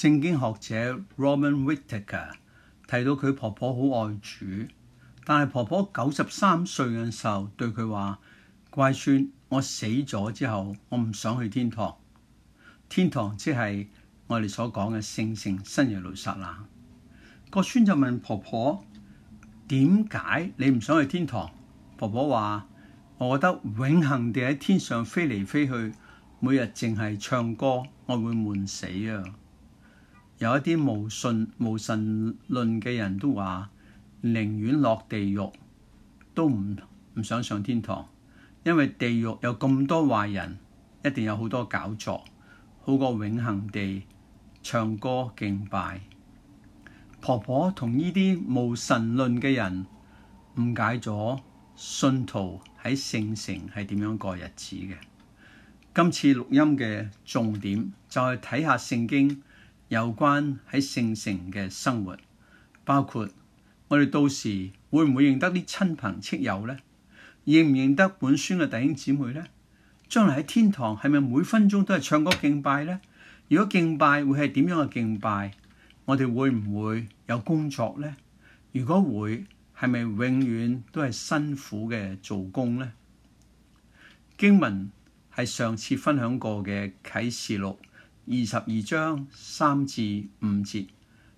聖經學者 Roman Wittiger 提到，佢婆婆好愛主，但係婆婆九十三歲嘅時候對佢話：乖孫，我死咗之後，我唔想去天堂。天堂即係我哋所講嘅聖城新耶路撒冷。個孫就問婆婆：點解你唔想去天堂？婆婆話：我覺得永恆地喺天上飛嚟飛去，每日淨係唱歌，我會悶死啊！有一啲無信無神論嘅人都話，寧願落地獄都唔唔想上天堂，因為地獄有咁多壞人，一定有好多搞作，好過永恆地唱歌敬拜。婆婆同呢啲無神論嘅人誤解咗信徒喺聖城係點樣過日子嘅。今次錄音嘅重點就係睇下聖經。有關喺聖城嘅生活，包括我哋到時會唔會認得啲親朋戚友咧？認唔認得本孫嘅弟兄姊妹咧？將來喺天堂係咪每分鐘都係唱歌敬拜咧？如果敬拜會係點樣嘅敬拜？我哋會唔會有工作咧？如果會，係咪永遠都係辛苦嘅做工咧？經文係上次分享過嘅啟示錄。二十二章三至五節，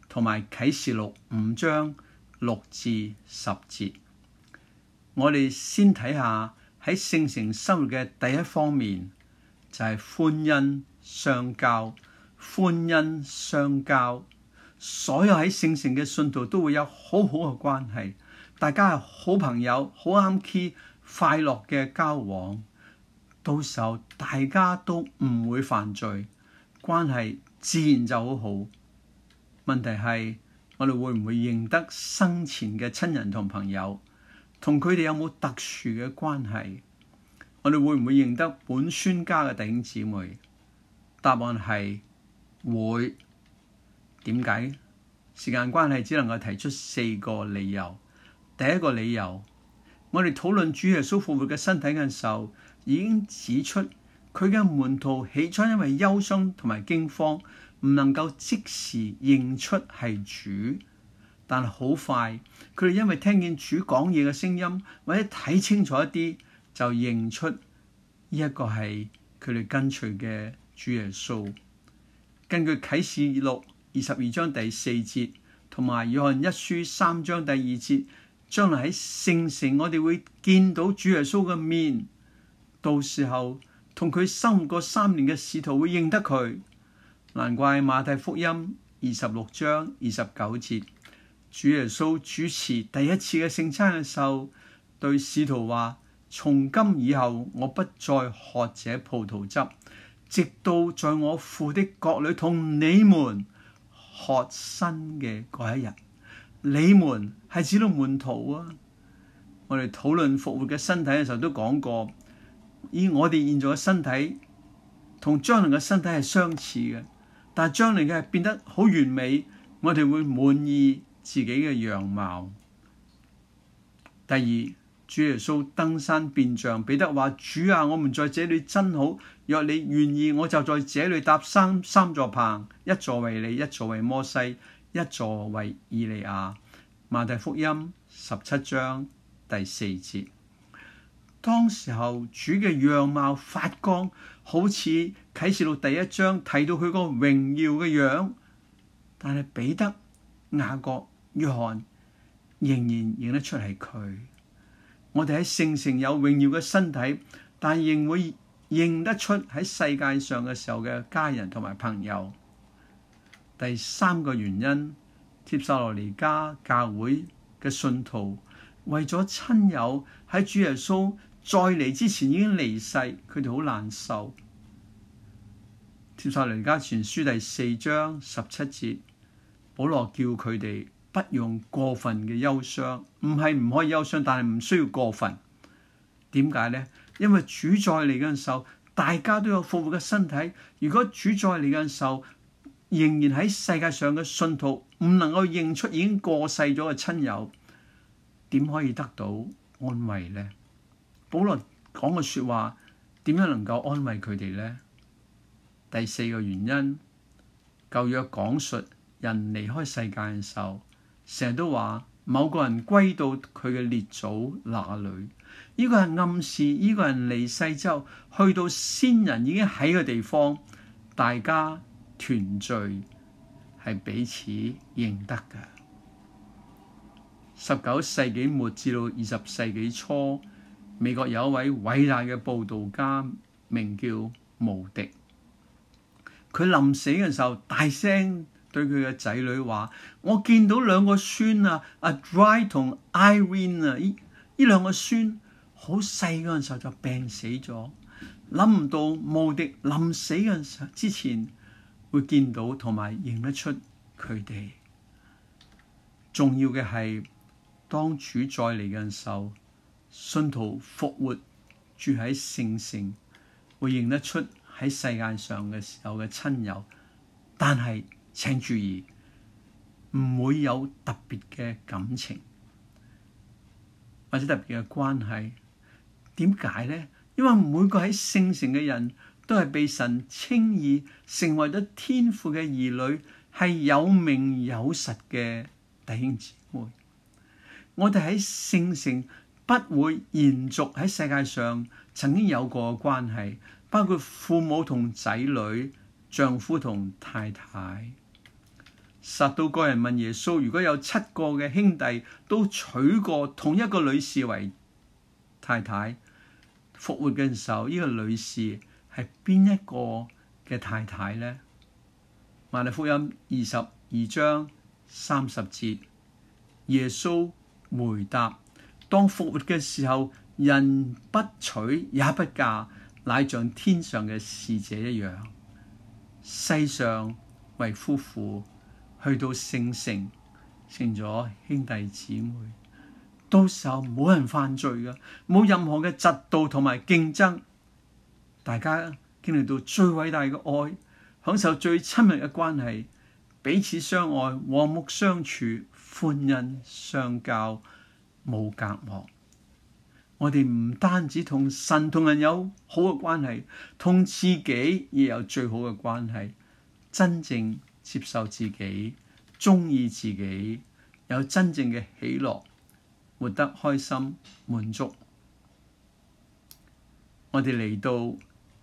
同埋啟示錄五章六至十節。我哋先睇下喺聖城生活嘅第一方面就係、是、歡欣相交，歡欣相交，所有喺聖城嘅信徒都會有好好嘅關係，大家係好朋友，好啱 key 快樂嘅交往。到時候大家都唔會犯罪。關係自然就好好，問題係我哋會唔會認得生前嘅親人同朋友，同佢哋有冇特殊嘅關係？我哋會唔會認得本孫家嘅弟兄姊妹？答案係會。點解？時間關係只能夠提出四個理由。第一個理由，我哋討論主耶穌復活嘅身體嘅時候，已經指出。佢嘅門徒起初因為憂傷同埋驚慌，唔能夠即時認出係主，但好快，佢哋因為聽見主講嘢嘅聲音或者睇清楚一啲，就認出呢一個係佢哋跟隨嘅主耶穌。根據啟示錄二十二章第四節，同埋約翰一書三章第二節，將來喺聖城，我哋會見到主耶穌嘅面，到時候，同佢生活過三年嘅使徒會認得佢。難怪馬太福音二十六章二十九節，主耶穌主持第一次嘅聖餐嘅時候，對使徒話：從今以後，我不再喝這葡萄汁，直到在我父的國裡同你們喝新嘅嗰一日。你們係基督門徒啊！我哋討論復活嘅身體嘅時候都講過。以我哋現在嘅身體同將來嘅身體係相似嘅，但係將來嘅係變得好完美，我哋會滿意自己嘅樣貌。第二，主耶穌登山變像，彼得話：主啊，我們在這裡真好，若你願意，我就在這裡搭三三座棚，一座為你，一座為摩西，一座為以利亞。馬太福音十七章第四節。當時候主嘅樣貌發光，好似啟示錄第一章睇到佢個榮耀嘅樣，但係彼得、雅各、約翰仍然認得出係佢。我哋喺聖城有榮耀嘅身體，但仍會認得出喺世界上嘅時候嘅家人同埋朋友。第三個原因，帖撒羅尼加教會嘅信徒為咗親友喺主耶穌。再嚟之前已經離世，佢哋好難受。帖撒羅尼迦前書第四章十七節，保羅叫佢哋不用過分嘅憂傷。唔係唔可以憂傷，但係唔需要過分。點解呢？因為主再嚟嘅時候，大家都有復活嘅身體。如果主再嚟嘅時候，仍然喺世界上嘅信徒唔能夠認出已經過世咗嘅親友，點可以得到安慰呢？保羅講嘅說話點樣能夠安慰佢哋咧？第四個原因，舊約講述人離開世界嘅時候，成日都話某個人歸到佢嘅列祖那裏。呢、這個係暗示呢、這個人離世之後，去到先人已經喺嘅地方，大家團聚係彼此認得㗎。十九世紀末至到二十世紀初。美國有一位偉大嘅佈道家，名叫毛迪。佢臨死嘅時候，大聲對佢嘅仔女話：「我見到兩個孫啊，阿 Dry 同 Irene 啊，呢呢兩個孫好細嗰陣時候就病死咗。諗唔到毛迪臨死嘅時候之前，會見到同埋認得出佢哋。重要嘅係，當主再嚟嘅時候。信徒復活住喺聖城，會認得出喺世界上嘅時候嘅親友，但係請注意，唔會有特別嘅感情或者特別嘅關係。點解咧？因為每個喺聖城嘅人都係被神稱義成為咗天父嘅兒女，係有名有實嘅弟兄姊妹。我哋喺聖城。不會延續喺世界上曾經有過嘅關係，包括父母同仔女、丈夫同太太。撒都該人問耶穌：如果有七個嘅兄弟都娶過同一個女士為太太，復活嘅時候，呢個女士係邊一個嘅太太呢？」馬利福音二十二章三十節，耶穌回答。當復活嘅時候，人不娶也不嫁，乃像天上嘅使者一樣。世上為夫婦，去到聖城成咗兄弟姊妹。到時候冇人犯罪噶，冇任何嘅嫉妒同埋競爭。大家經歷到最偉大嘅愛，享受最親密嘅關係，彼此相愛，和睦相處，歡欣相交。冇隔膜，我哋唔單止同神同人有好嘅關係，同自己亦有最好嘅關係。真正接受自己，中意自己，有真正嘅喜樂，活得開心滿足。我哋嚟到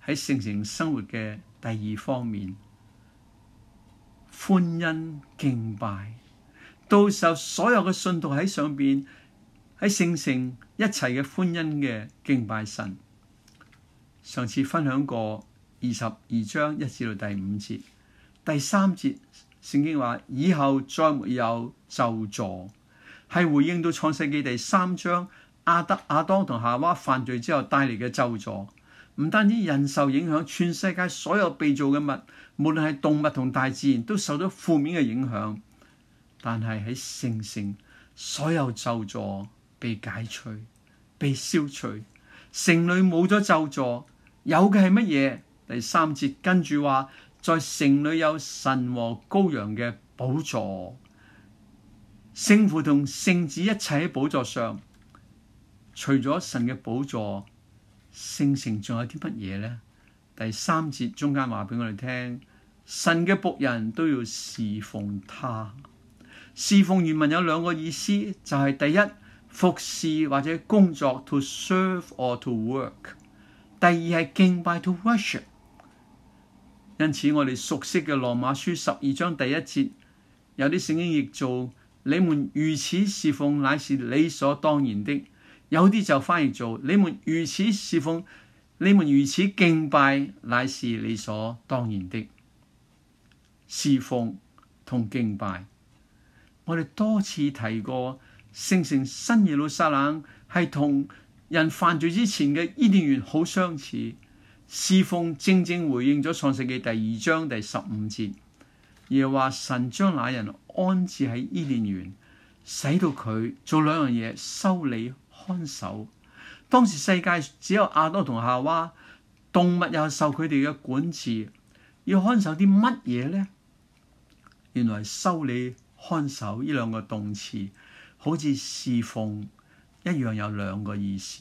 喺聖城生活嘅第二方面，歡欣敬拜。到時候所有嘅信徒喺上邊。喺聖城一齊嘅歡欣嘅敬拜神，上次分享過二十二章一至到第五節，第三節聖經話，以後再沒有咒詛，係回應到創世紀第三章阿德亞當同夏娃犯罪之後帶嚟嘅咒詛，唔單止人受影響，全世界所有被造嘅物，無論係動物同大自然都受到負面嘅影響，但係喺聖城所有咒詛。被解除、被消除，城裏冇咗咒詛，有嘅係乜嘢？第三節跟住話，在城裏有神和羔羊嘅寶座，聖父同聖子一齊喺寶座上。除咗神嘅寶座，聖城仲有啲乜嘢咧？第三節中間話畀我哋聽，神嘅僕人都要侍奉他，侍奉原文有兩個意思，就係第一。服侍或者工作，to serve or to work。第二係敬拜，to worship。因此我哋熟悉嘅羅馬書十二章第一節，有啲聖經譯做：你們如此侍奉，乃是理所當然的；有啲就翻譯做：你們如此侍奉，你們如此敬拜，乃是理所當然的。侍奉同敬拜，我哋多次提過。聖城新耶路撒冷係同人犯罪之前嘅伊甸園好相似，侍奉正正回應咗創世記第二章第十五節，而話神將那人安置喺伊甸園，使到佢做兩樣嘢：修理看守。當時世界只有亞多同夏娃，動物又受佢哋嘅管治，要看守啲乜嘢咧？原來修理看守呢兩個動詞，好似侍奉一樣有兩個意思，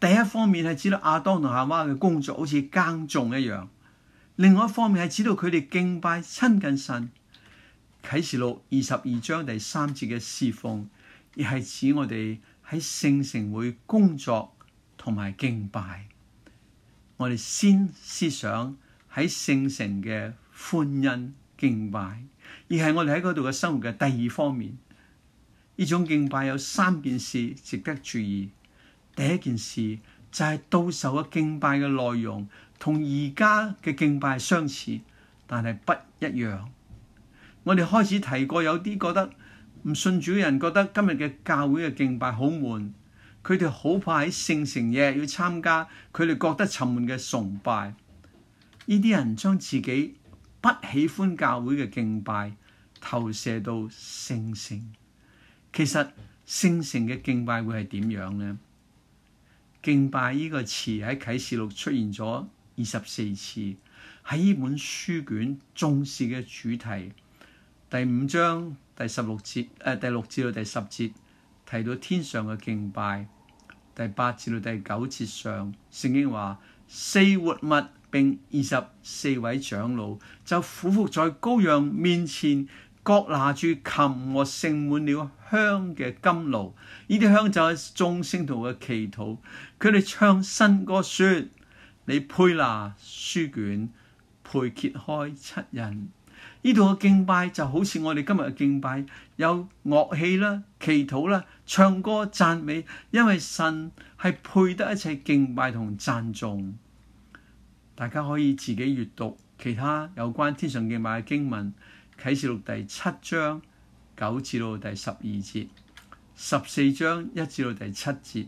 第一方面係指到亞當同夏娃嘅工作好似耕種一樣，另外一方面係指到佢哋敬拜親近神。啟示錄二十二章第三節嘅侍奉，而係指我哋喺聖城會工作同埋敬拜。我哋先思想喺聖城嘅歡欣敬拜，而係我哋喺嗰度嘅生活嘅第二方面。呢種敬拜有三件事值得注意。第一件事就係到時候嘅敬拜嘅內容同而家嘅敬拜相似，但係不一樣。我哋開始提過，有啲覺得唔信主人覺得今日嘅教會嘅敬拜好悶，佢哋好怕喺聖城夜要參加佢哋覺得沉悶嘅崇拜。呢啲人將自己不喜歡教會嘅敬拜投射到聖城。其實聖城嘅敬拜會係點樣呢？敬拜呢個詞喺啟示錄出現咗二十四次，喺呢本書卷重視嘅主題。第五章第十六節，誒、呃、第六至到第十節提到天上嘅敬拜。第八至到第九節上，聖經話四活物並二十四位長老就俯伏在羔羊面前。各拿住琴，和盛滿了香嘅金爐，呢啲香就係眾信徒嘅祈禱，佢哋唱新歌說：「你配拿書卷，配揭開七印。」呢度嘅敬拜就好似我哋今日嘅敬拜，有樂器啦、祈禱啦、唱歌讚美，因為神係配得一切敬拜同讚頌。大家可以自己閱讀其他有關天上敬拜嘅經文。啟示錄第七章九至到第十二節，十四章一至到第七節，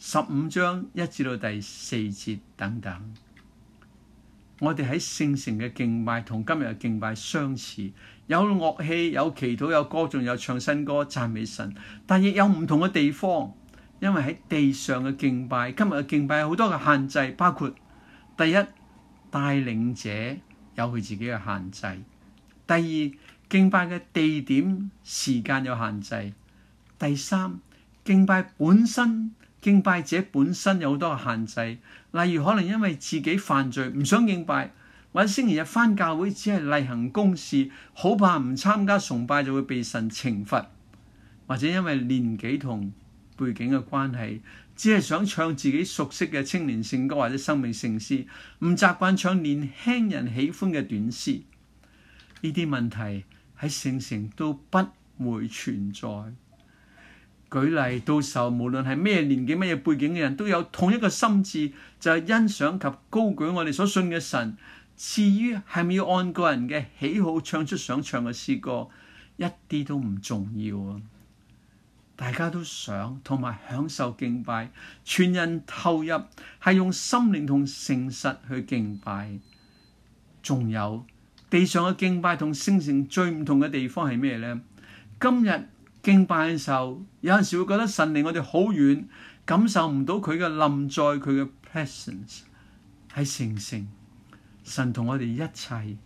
十五章一至到第四節等等。我哋喺聖城嘅敬拜同今日嘅敬拜相似，有樂器、有祈禱、有歌，仲有唱新歌讚美神。但亦有唔同嘅地方，因為喺地上嘅敬拜，今日嘅敬拜有好多嘅限制，包括第一，帶領者有佢自己嘅限制。第二，敬拜嘅地點、時間有限制。第三，敬拜本身、敬拜者本身有好多限制，例如可能因為自己犯罪唔想敬拜，或者星期日翻教會只係例行公事，好怕唔參加崇拜就會被神懲罰，或者因為年紀同背景嘅關係，只係想唱自己熟悉嘅青年聖歌或者生命聖詩，唔習慣唱年輕人喜歡嘅短詩。呢啲問題喺聖城都不會存在。舉例到時候，無論係咩年紀、咩背景嘅人都有同一個心智，就係欣賞及高舉我哋所信嘅神。至於係咪要按個人嘅喜好唱出想唱嘅詩歌，一啲都唔重要啊！大家都想同埋享受敬拜，全人投入，係用心靈同誠實去敬拜。仲有。地上嘅敬拜同聖城最唔同嘅地方係咩咧？今日敬拜嘅時候，有陣時會覺得神離我哋好遠，感受唔到佢嘅臨在，佢嘅 presence 係聖城。神同我哋一齊，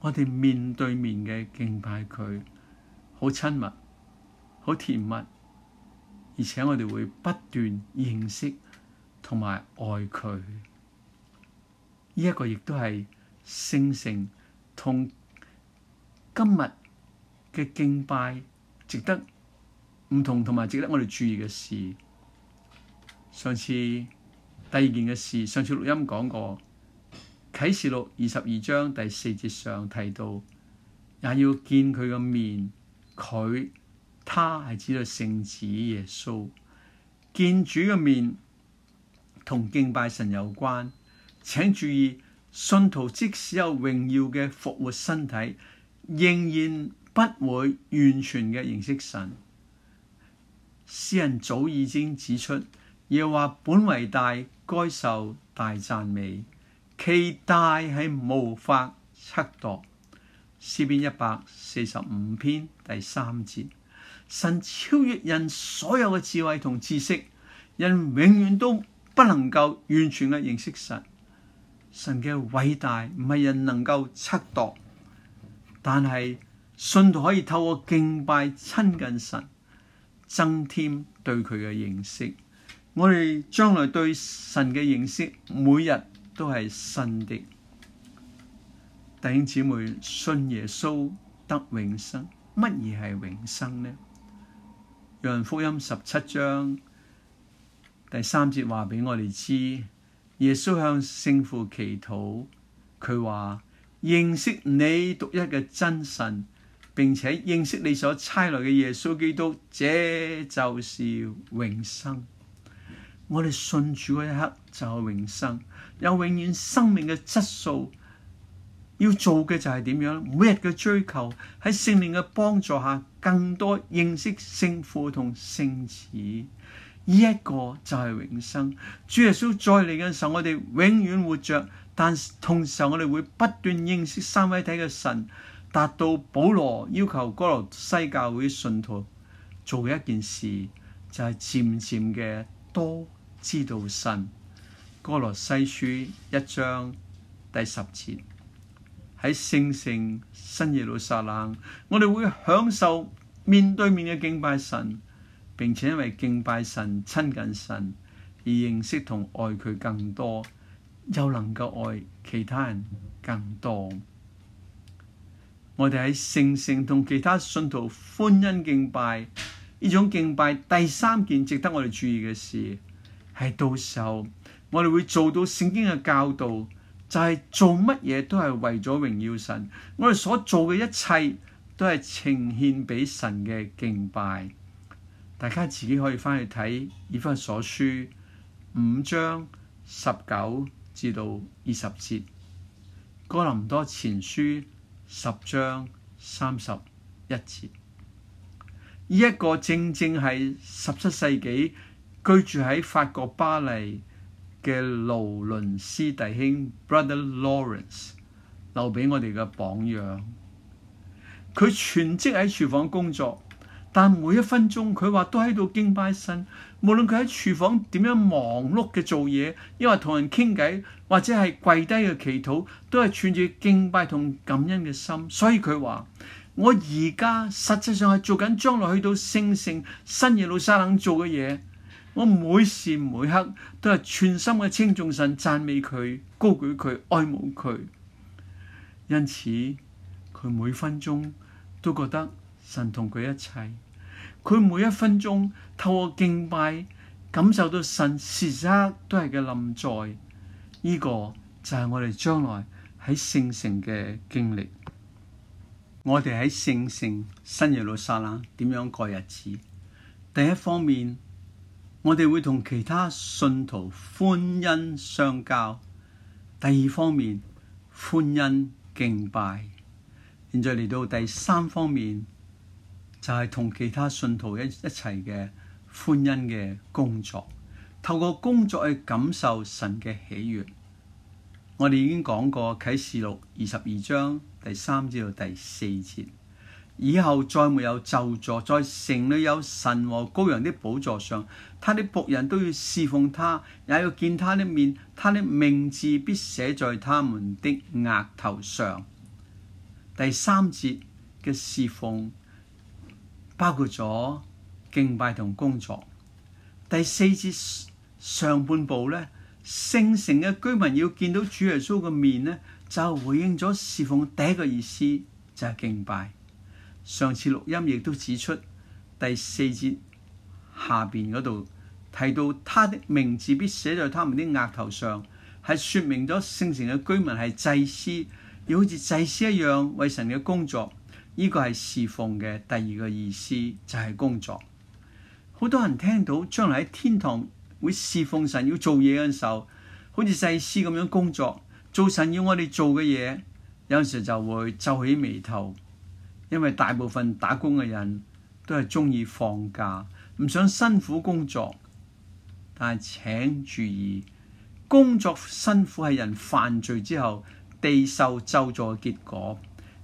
我哋面對面嘅敬拜佢，好親密，好甜蜜，而且我哋會不斷認識同埋愛佢。呢一個亦都係聖城同今日嘅敬拜值得唔同，同埋值得我哋注意嘅事。上次第二件嘅事，上次錄音講過啟示錄二十二章第四節上提到，也要見佢嘅面。佢、他係指到聖子耶穌，見主嘅面同敬拜神有關，請注意。信徒即使有榮耀嘅復活身體，仍然不會完全嘅認識神。詩人早已經指出，耶和華本為大，該受大讚美。其大係無法測度。詩篇一百四十五篇第三節，神超越人所有嘅智慧同知識，人永遠都不能夠完全嘅認識神。神嘅偉大唔係人能夠測度，但係信徒可以透過敬拜親近神，增添對佢嘅認識。我哋將來對神嘅認識，每日都係新的。弟兄姊妹，信耶穌得永生，乜嘢係永生呢？約翰福音十七章第三節話畀我哋知。耶穌向聖父祈禱，佢話，認識你獨一嘅真神，並且認識你所差來嘅耶穌基督，這就是永生。我哋信主嘅一刻就係永生，有永遠生命嘅質素。要做嘅就係點樣？每日嘅追求喺聖靈嘅幫助下，更多認識聖父同聖子。呢一個就係永生，主耶穌再嚟嘅時候，我哋永遠活著，但同時我哋會不斷認識三位體嘅神，達到保羅要求哥羅西教會信徒做一件事，就係、是、漸漸嘅多知道神。哥羅西書一章第十節。喺聖城新耶路撒冷，我哋會享受面對面嘅敬拜神。並且因為敬拜神、親近神而認識同愛佢更多，又能夠愛其他人更多。我哋喺聖城同其他信徒歡欣敬拜呢種敬拜。第三件值得我哋注意嘅事係到時候我哋會做到聖經嘅教導，就係、是、做乜嘢都係為咗榮耀神，我哋所做嘅一切都係呈獻畀神嘅敬拜。大家自己可以翻去睇《以弗所書》五章十九至到二十節，《哥林多前書》十章三十一節。呢一個正正係十七世紀居住喺法國巴黎嘅勞倫斯弟兄 （Brother Lawrence） 留俾我哋嘅榜樣，佢全職喺廚房工作。但每一分鐘，佢話都喺度敬拜神。無論佢喺廚房點樣忙碌嘅做嘢，又或同人傾偈，或者係跪低嘅祈禱，都係串住敬拜同感恩嘅心。所以佢話：我而家實際上係做緊將來去到聖聖新耶路撒冷做嘅嘢。我每時每刻都係全心嘅稱讚神、讚美佢、高舉佢、愛慕佢。因此，佢每分鐘都覺得，神同佢一齊，佢每一分鐘透過敬拜感受到神時時刻刻都係嘅臨在。呢個就係我哋將來喺聖城嘅經歷。我哋喺聖城新耶路撒冷點樣過日子？第一方面，我哋會同其他信徒歡欣相交；第二方面，歡欣敬拜。現在嚟到第三方面。就係同其他信徒一一齊嘅歡欣嘅工作，透過工作去感受神嘅喜悦。我哋已經講過《啟示錄》二十二章第三至到第四節，以後再沒有咒詛，在城裏有神和羔羊的寶座上，他的僕人都要侍奉他，也要見他的面，他的名字必寫在他們的額頭上。第三節嘅侍奉。包括咗敬拜同工作。第四節上半部咧，聖城嘅居民要見到主耶穌嘅面咧，就回應咗侍奉第一個意思就係敬拜。上次錄音亦都指出，第四節下邊嗰度提到他的名字必寫在他們的額頭上，係說明咗聖城嘅居民係祭司，要好似祭司一樣為神嘅工作。呢個係侍奉嘅第二個意思，就係工作。好多人聽到將來喺天堂會侍奉神要做嘢嗰陣時候，好似祭司咁樣工作，做神要我哋做嘅嘢，有陣時就會皺起眉頭，因為大部分打工嘅人都係中意放假，唔想辛苦工作。但係請注意，工作辛苦係人犯罪之後地受咒詛嘅結果。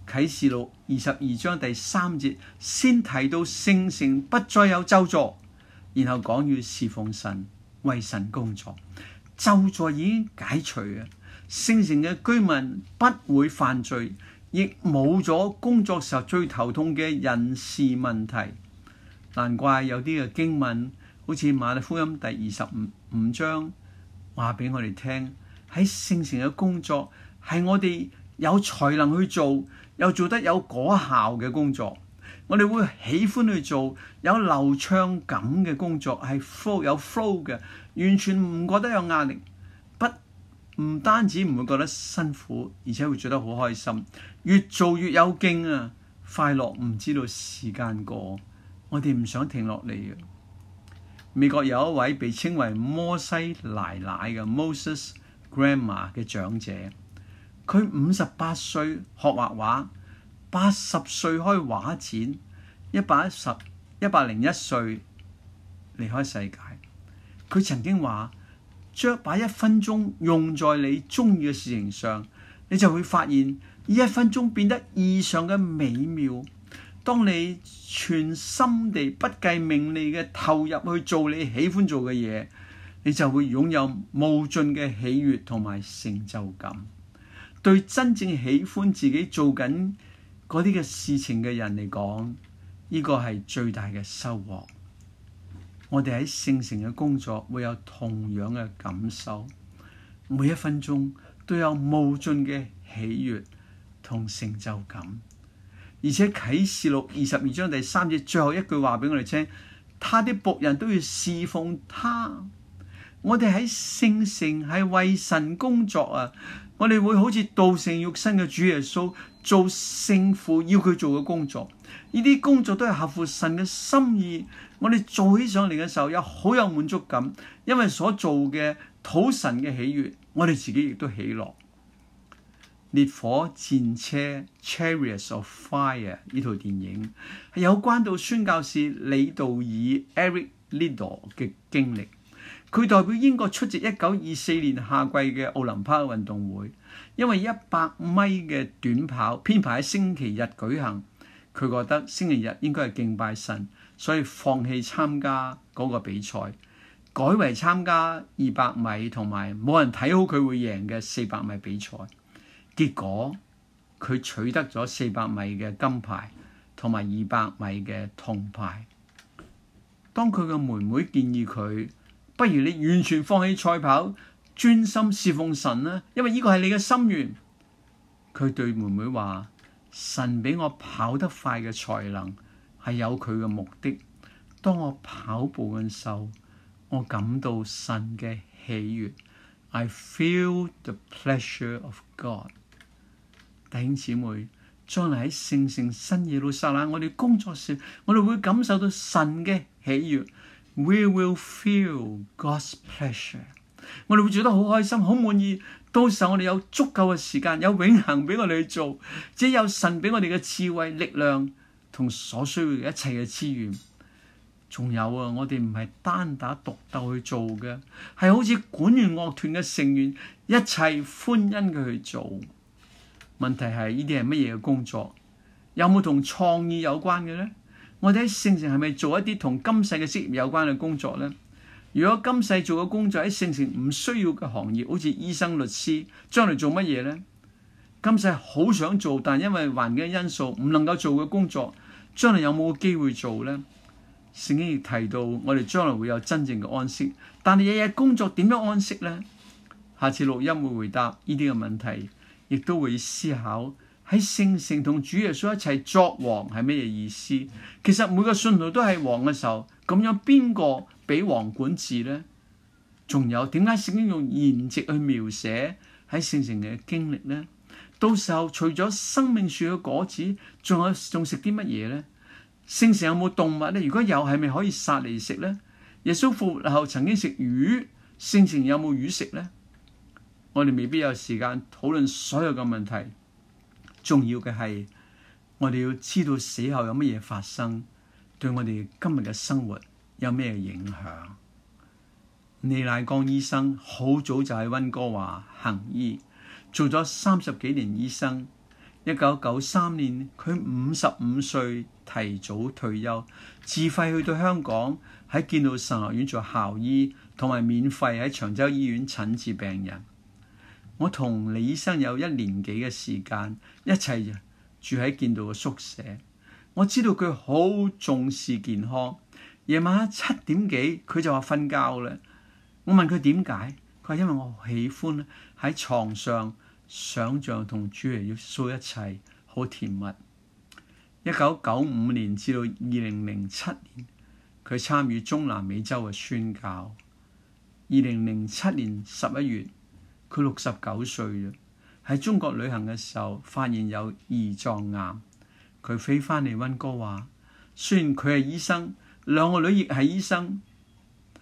啟示錄二十二章第三節先提到聖城不再有咒詛，然後講要侍奉神、為神工作，咒詛已經解除啊！聖城嘅居民不會犯罪，亦冇咗工作時候最頭痛嘅人事問題。難怪有啲嘅經文，好似馬太福音第二十五五章，話俾我哋聽，喺聖城嘅工作係我哋有才能去做。又做得有果效嘅工作，我哋會喜歡去做有流暢感嘅工作，係 flow 有 flow 嘅，完全唔覺得有壓力，不唔單止唔會覺得辛苦，而且會做得好開心，越做越有勁啊！快樂唔知道時間過，我哋唔想停落嚟嘅。美國有一位被稱為摩西奶奶嘅 Moses Grandma 嘅長者。佢五十八歲學畫畫，八十歲開畫展，一百一十一百零一歲離開世界。佢曾經話：將把一分鐘用在你鍾意嘅事情上，你就會發現一分鐘變得異常嘅美妙。當你全心地不計名利嘅投入去做你喜歡做嘅嘢，你就會擁有無盡嘅喜悅同埋成就感。對真正喜歡自己做緊嗰啲嘅事情嘅人嚟講，呢個係最大嘅收穫。我哋喺聖城嘅工作會有同樣嘅感受，每一分鐘都有無盡嘅喜悅同成就感。而且啟示錄二十二章第三節最後一句話俾我哋聽，他啲僕人都要侍奉他。我哋喺聖城係為神工作啊！我哋會好似道成肉身嘅主耶穌做聖父要佢做嘅工作，呢啲工作都係合乎神嘅心意。我哋做起上嚟嘅時候，有好有滿足感，因為所做嘅討神嘅喜悦，我哋自己亦都喜樂。《烈火戰車》《Chariots of Fire》呢套電影係有關到宣教士李道爾 Eric Liddell 嘅經歷。佢代表英國出席一九二四年夏季嘅奧林匹克運動會，因為一百米嘅短跑編排喺星期日舉行，佢覺得星期日應該係敬拜神，所以放棄參加嗰個比賽，改為參加二百米同埋冇人睇好佢會贏嘅四百米比賽。結果佢取得咗四百米嘅金牌同埋二百米嘅銅牌。當佢嘅妹妹建議佢，不如你完全放棄賽跑，專心侍奉神啦，因為呢個係你嘅心願。佢對妹妹話：神俾我跑得快嘅才能係有佢嘅目的。當我跑步嘅時候，我感到神嘅喜悦。I feel the pleasure of God。弟兄姊妹，將來喺聖城新耶路撒冷，我哋工作時，我哋會感受到神嘅喜悦。We will feel God's pleasure。我哋會做得好開心、好滿意。到時候我哋有足夠嘅時間，有永恆俾我哋去做，即有神俾我哋嘅智慧、力量同所需要嘅一切嘅資源。仲有啊，我哋唔係單打獨鬥去做嘅，係好似管弦樂團嘅成員，一齊歡欣嘅去做。問題係，呢啲係乜嘢嘅工作？有冇同創意有關嘅呢？我哋喺聖城係咪做一啲同今世嘅職業有關嘅工作呢？如果今世做嘅工作喺聖城唔需要嘅行業，好似醫生、律師，將來做乜嘢呢？今世好想做，但因為環境因素唔能夠做嘅工作，將來有冇機會做呢？聖經亦提到我哋將來會有真正嘅安息，但係日日工作點樣安息呢？下次錄音會回答呢啲嘅問題，亦都會思考。喺聖城同主耶穌一齊作王係咩嘢意思？其實每個信徒都係王嘅時候，咁樣邊個俾王管治呢？仲有點解聖經用筵席去描寫喺聖城嘅經歷呢？到時候除咗生命樹嘅果子，仲有仲食啲乜嘢呢？聖城有冇動物呢？如果有，係咪可以殺嚟食呢？耶穌復活後曾經食魚，聖城有冇魚食呢？我哋未必有時間討論所有嘅問題。重要嘅係我哋要知道死後有乜嘢發生，對我哋今日嘅生活有咩影響。李乃光醫生好早就喺温哥華行醫，做咗三十幾年醫生。一九九三年佢五十五歲提早退休，自費去到香港喺建道神學院做校醫，同埋免費喺長洲醫院診治病人。我同李醫生有一年幾嘅時間，一齊住喺建道嘅宿舍。我知道佢好重視健康，夜晚七點幾佢就話瞓覺喇。我問佢點解，佢話因為我喜歡喺床上想像同主耶穌一齊好甜蜜。一九九五年至到二零零七年，佢參與中南美洲嘅宣教。二零零七年十一月。佢六十九歲啦，喺中國旅行嘅時候發現有胰臟癌，佢飛翻嚟溫哥華，雖然佢係醫生，兩個女亦係醫生，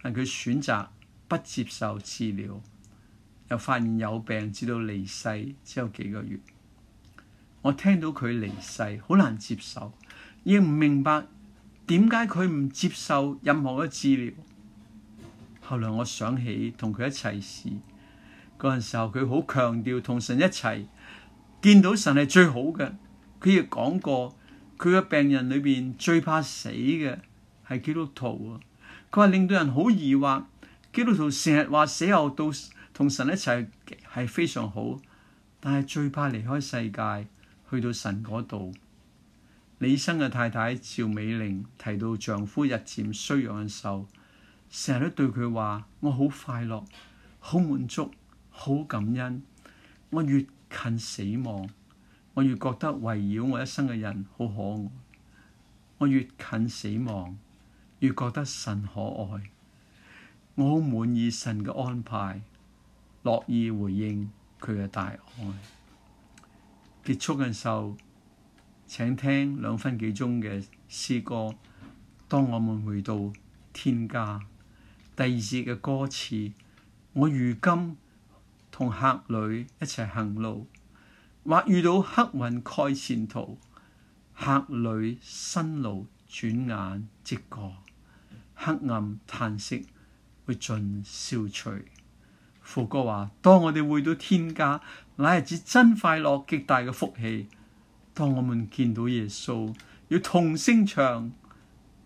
但佢選擇不接受治療，又發現有病至到離世只有幾個月。我聽到佢離世好難接受，亦唔明白點解佢唔接受任何嘅治療。後來我想起同佢一齊時。嗰陣時候，佢好強調同神一齊見到神係最好嘅。佢亦講過，佢嘅病人裏邊最怕死嘅係基督徒啊！佢話令到人好疑惑，基督徒成日話死後到同神一齊係非常好，但係最怕離開世界去到神嗰度。李生嘅太太趙美玲提到丈夫日漸衰弱嘅時候，成日都對佢話：我好快樂，好滿足。好感恩，我越近死亡，我越覺得圍繞我一生嘅人好可愛。我越近死亡，越覺得神可愛。我好滿意神嘅安排，樂意回應佢嘅大愛。結束嘅時候，請聽兩分幾鐘嘅詩歌。當我們回到天家，第二節嘅歌詞，我如今。同客旅一齊行路，或遇到黑雲蓋前途，客旅辛勞轉眼即過，黑暗嘆息會盡消除。副歌話：當我哋回到天家，乃係至真快樂、極大嘅福氣。當我們見到耶穌，要同聲唱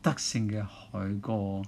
得勝嘅凱歌。